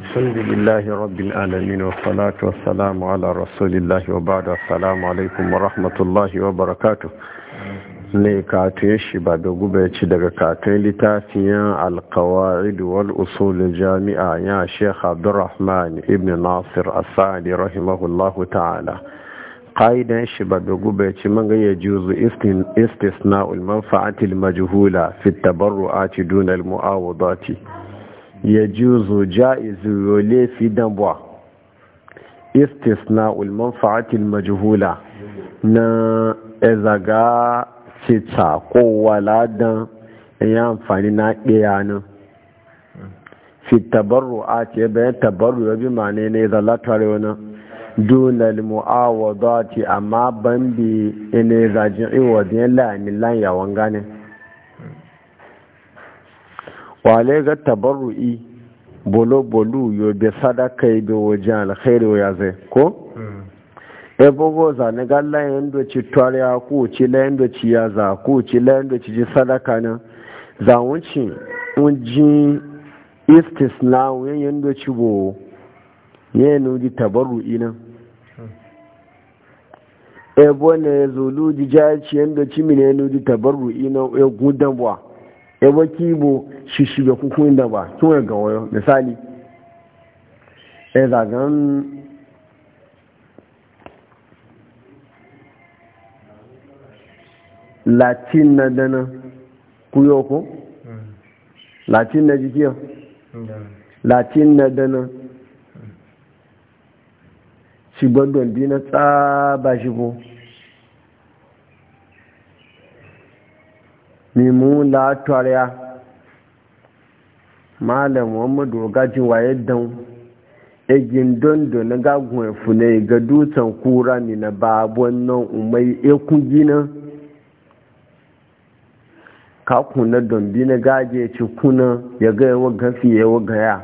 الحمد لله رب العالمين والصلاة والسلام على رسول الله وبعد السلام عليكم ورحمة الله وبركاته ne katon shi ba da gube ci daga katon littafiyan alkawa'id wal usul jami'a ya sheikh abdurrahman ibn nasir asadi rahimahullahu ta'ala ƙa'idan shi ba da gube ci man ya juzu istisna ulman fa'atil majhula fi tabarru'ati dunal mu'awadati ya juzu ja'izu yole fi dambuwa istisna ulman fa'atil majhula na ezaga cita ko waladan ya amfani na ɗaya nan fi tabarru a ce bayan tabarru ya bi mane ne zalatare wani dunal ce amma ban bi ina zajin iwadin la'amilan yawon ganin wale ga tabarru'i bolo-bolo yo be sadaka be wajen alkhairu ya zai ko? Hmm. e bogo ne ga layan da ci tariya ko ci layan da ci ya za ko ci layan da ci ji sadaka na za wuce unji istisna yayin da ci bo yayin nuji tabarru'i nan hmm. ebo ne zulu ji jaci yadda ci mine nuji tabarru'i nan ya e gudan buwa yabo kibo shi shiga kukun da ba tun ga wayo misali e zagan latin na dana kuyoko latin na jikiya latin na dana shi gbogbo bi na tsaba shi ko mimu latoriya malam muhammadu gaji waye don egin dondo na gagun efu na ga dutsen kura ni na babu nan umai ekun gina kakun na dombi na gaje ci kuna ya ga yawa gafi yawa gaya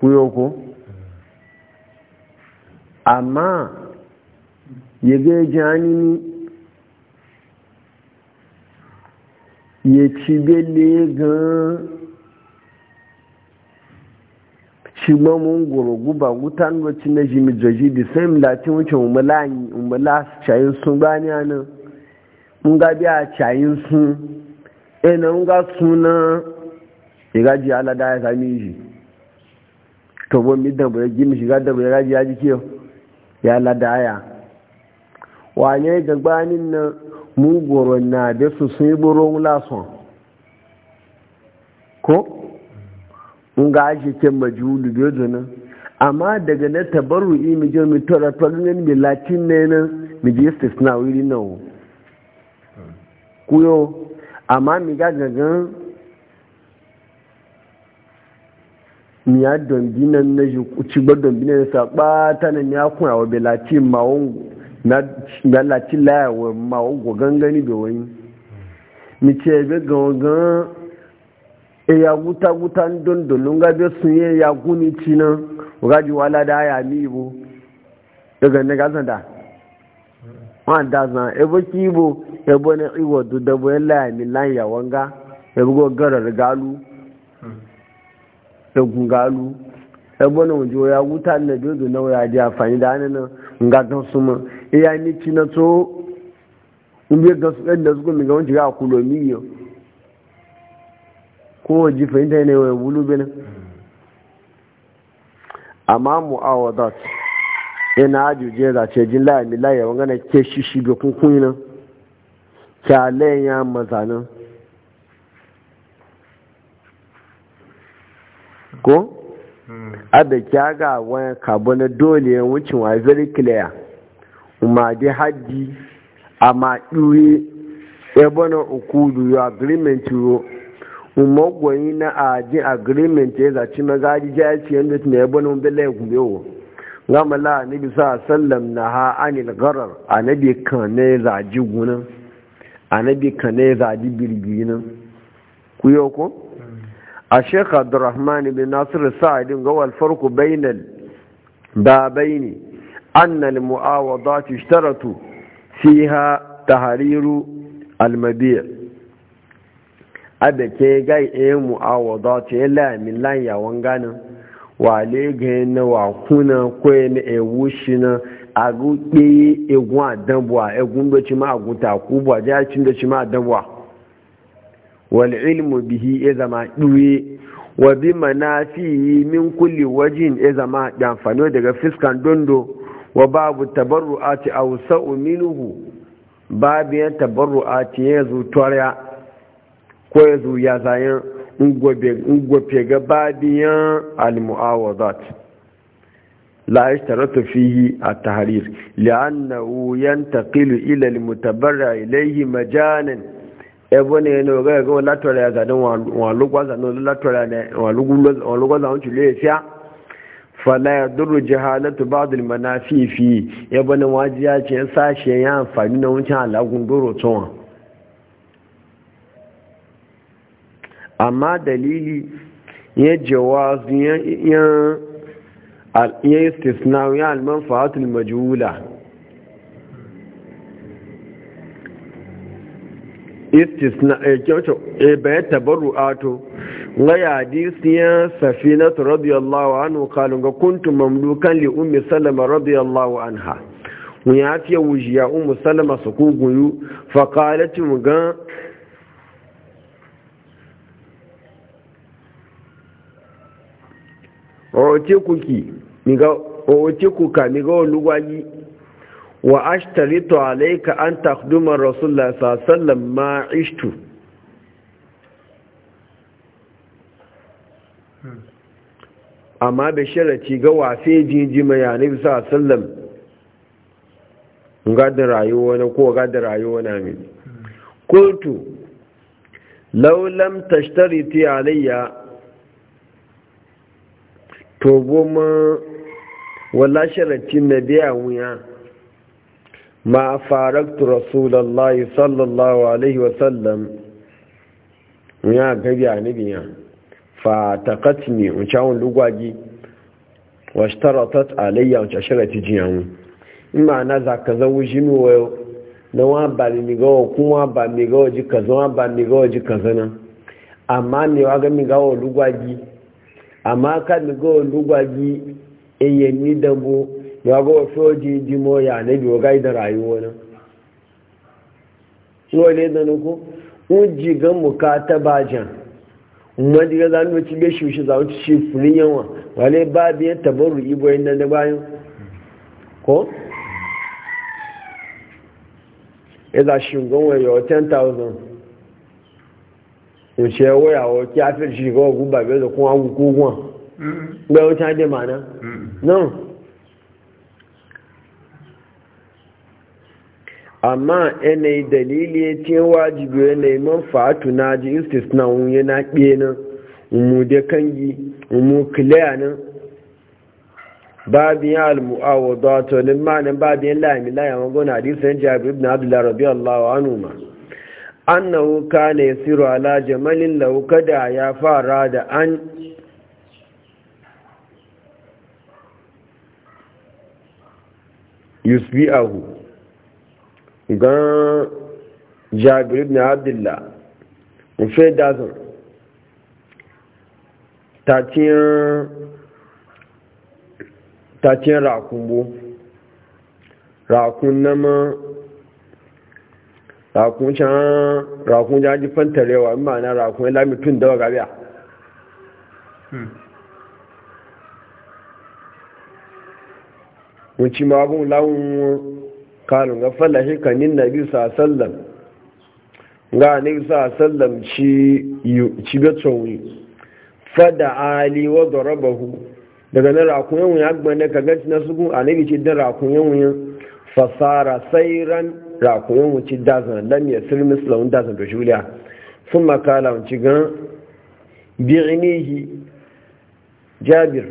ko amma ya ga jani ni ya ci bele gan shi mamun gurugu ba wutan wacce na jimi jaji da sai mulatin wuce umula cayin sun gani ana in ga biya cayin sun ina in ga suna ya gaji alada ya sami shi to bo mi dan bare gimi shiga da bare gaji ya ji kiyo ya alada ya wane gagbanin nan mu goro na da su sun yi boro lason ko nga aji ke majulu biyo zana amma daga na tabaru imi je mi tora tolinen mi latin ne na mi je istisna wiri na o kuyo amma mi ga gangan mi ya dombi na na ji ci gba dombi na sa ba ta nan ya kuna awo be latin ma na lati laya ma ogo gangani da wani mi ce be gangan e ya wuta guta don don ga be sun ye ya guni cinan gaji wala da ya mi ibo daga e ne gasan da wọn da san ebo ki ibo ebe ne iwo du dabo ya e laya mi lan ya wanga ebo go garar galu egun galu ebo ne wujo ya wuta na jodo na ya di amfani da hannun ga gan su mun iya ni ci na to in bi ga su ɗan da suka miga wanci ga kulomi yau ko ji fahimta ne wai wulu bene amma mu'awadat ina ajuje da ce jin la mi la yawan gana ke shishi be kun kun nan kyalen ya mazanin ko a da kyaga wani kabon dole ya wucin wa very clear amma dai hajji amma ɗuri na ukudu yo agreement yo umma gwayi na ajin agreement ya zaci magari jayaci yadda tuna ebola mbela ya gube wo ma la bi sa sallam na ha anil garar anabi kan ne a na anabi kan ne ji birgiri nan ku yau ko a shekha abdurrahman ibn nasir sa'adin ga wal farqu bainal ne. أن المعاوضات اشترطوا فيها تحرير المبيع abe ke gai e mu'awada ta la min lan ya wangana wa le gena wa kuna ko ne e wushina agu pe egun adanbwa egun do chi ma agun ta ku bwa ja chi do chi ma adanbwa wal ilmu bihi e zama duwe wa bi manafi min kulli wajin e zama dan fano daga fiskan dondo wa babu tabarru'ati aw sa'u minhu babu ya tabarru'ati ya zu toriya ko ya zu ya zayin ngofe ga babiyan al-mu'awadat la yashtaratu fihi at-tahrir li'annahu yantaqilu ila al-mutabarra ilayhi majanan ebone no ga ga la toriya ga don wa lugwa za no la toriya ne wa lugwa za on chule fiya fala ya duru jihalatu ba'dul manafi fi ya bani wajiya ce sashe ya amfani na wancan alagun doro tsohon amma dalili ya jawazu ya istisna ya almanfa'atul majhula istisna eh, kyoto e eh, bayan tabaru ato ga yadisiyan safinatu radiyallahu hannu kalun ga kuntu mamlukan li ummi salama radiyallahu anha wani ya fiye wujiya umu salama su kuguyu faƙalatin gan ote kuki miga ote kuka miga olugwayi wa ashtaritu alayka an takhduma rasulullah sallallahu ma ishtu amma bai sharaci ga wafe jinjima ya nabi sallallahu alaihi wasallam gadin rayuwa na ko da rayuwa na min kultu law lam tashtariti alayya to goma wala sharatin nabiya wuya ما فارقت رسول الله صلى الله عليه وسلم يا غبي انبيا فتقتني وشاون لغواجي واشترطت علي وشرت جيان ما انا ذاك زوجي مو na wa ba ni migawo kuma ba migawo ji kaza wa ba migawo ji kaza nan amma ne wa ga migawo lugwaji amma ya ga wasu waje jimo ya na biyo gai da rayuwanin ko, da ji ujigan muka ta bajan wani ga zanen wacce bai shushe za wacce shi furin yawan wale ba biyan tabar ru'i bayan nan da bayan ko? ila shigon wani yawa 10,000 wace waya wa kyafir shigon wa guba biyar da kuma agugugun gbayar wuta da mana? no amma yanayi dalili ya ce wajibi yanayi manfa'atu na ji istisna wunye na ɓiye nan umu da kangi umu kiliya nan babin ya almu'awo da wato nan manan ya lami gona magana hadisan jabir ibn abdullahi radiyallahu anhu ma annahu kana yasiru ala jamalin lahu kada ya fara da an yusbi'ahu gan jabir ne abdullah mufe dazin tatiyan rakunbo rakun nama rakun can rakun jaji fantarewa ma na rakun ya lamitun dawa gabiya ci hmm. ma abun launin kanu ga falahi kanin nabi sa sallam ga ni sa sallam ci ci betsowi fada ali wa darabahu daga nan rakun yawon ya gbanne ka ga na su a nabi ci da rakun yawon fasara sairan rakun yawon ci dazan lam ya sir mislawun dazan da juliya sun makala wanci gan bi'inihi jabir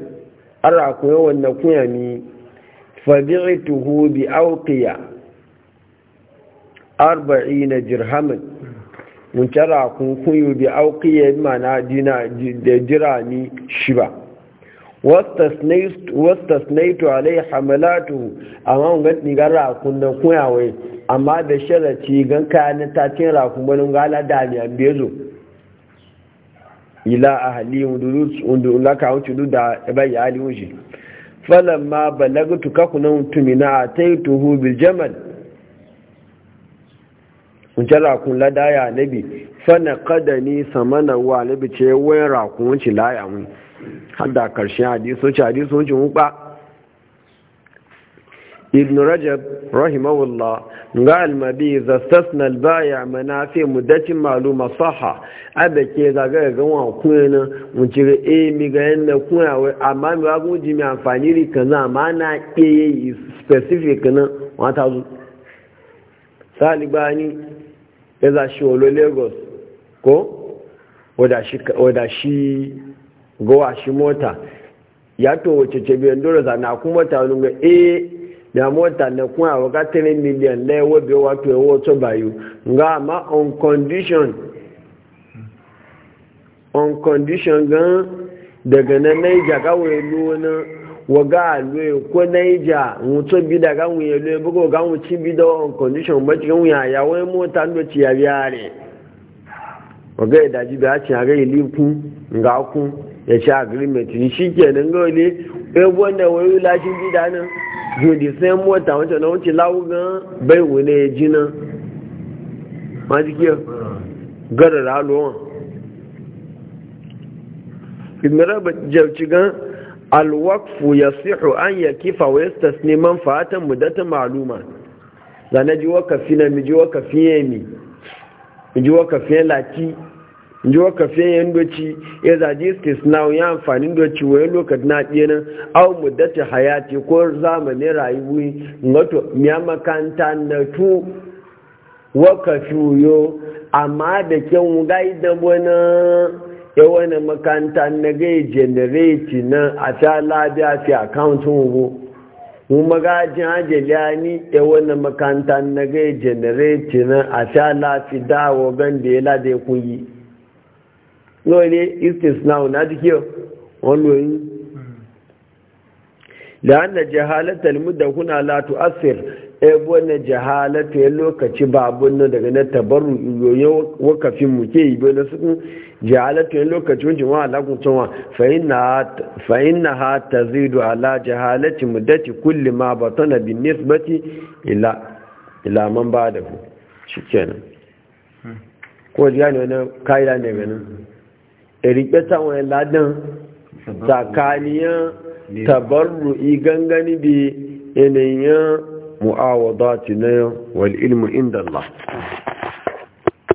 an rakun yawon na kuya ni فبعته بأوقية أربعين درهما mun tara kun kunyu bi auqiya mana dina da jirani shiba wastasnayt wastasnayt alai hamalatu amma ga digara kun da kuyawe amma da sharati gan kayan ta tin rakun banin gala da ni an bezo ila ahli undurus undulaka wuce da bai ali wuce falamma balagtu kakunan tumina ataituhu bil jamal wuce rakun ladaya nabi fana kada ni samana wa nabi ce wai rakun wuce laya mun hadda karshen hadisoci hadisoci mun ba ibn rajab rahimahullah ga almabi za stasna albaya mana fi muddacin maluma saha abe ke zaga ga wa kuye na wuce e mi ga yanna kuya wai amma mi wa gunji mi amfani ri kana amma na ke specific na wata zu salibani ya za shi olo lagos ko wada shi gowa shi mota ya to wace ce biyan dole za na kuma ta wani ga Eh. ya mota na kun a waka 3 million na ewo bi wato ewo to e nga ma on condition gan daga na naija kawai lona waga lo e ko naija mutu bi daga mu ye lo bugo ga mu e ci bi on condition ba ci ya ya waga daji nga ku jòdì sai mú ẹ̀tà àwọn ìṣẹ̀lẹ̀ wọ́n ti láwú gan bẹ́ẹ̀ wò ní ẹjí wọ́n ti kí ọ gọ́dọ̀ rà wọn. gan alwakfu ya sihu an ya wa ya stas neman fatan mudata maluma zane ji wakafi mi ji wakafi mi ji wakafi ya jiwa kafe yan doci ya zaji states suna ya amfani doci wani lokaci na ɗaya nan au muddata hayati ko zamanin rayuwa wato ya makanta na tu waka shuyo amma da kyan gai da wani ya wani makanta na gai generate na a ta labiya fi akawuntin hugu mu magajin hajjaliya ni ya wani makanta na gai generate na a ta lafi dawo gan da ya lade kuyi lọ́wọ́ ní eastern now na jike wọ́n lóyún hmm. la'anna jahalata almudakkuna la asir ebo na jahalata ya lokaci babun nan daga na tabarru yoyo wakafin mu ke ibe na sukun jahalata ya lokaci wajen wa alaƙun cewa fa inna ha ta zidu ala jahalati mudati kulli ma batana bin nisbati ila ila man ba da ku shikenan hmm. ko ji gane wani ka'ida ne ganin rike tawon ladan tsakaniyar tabarru'i gangani bi yanayin mu'awadati na wal ilmu inda Allah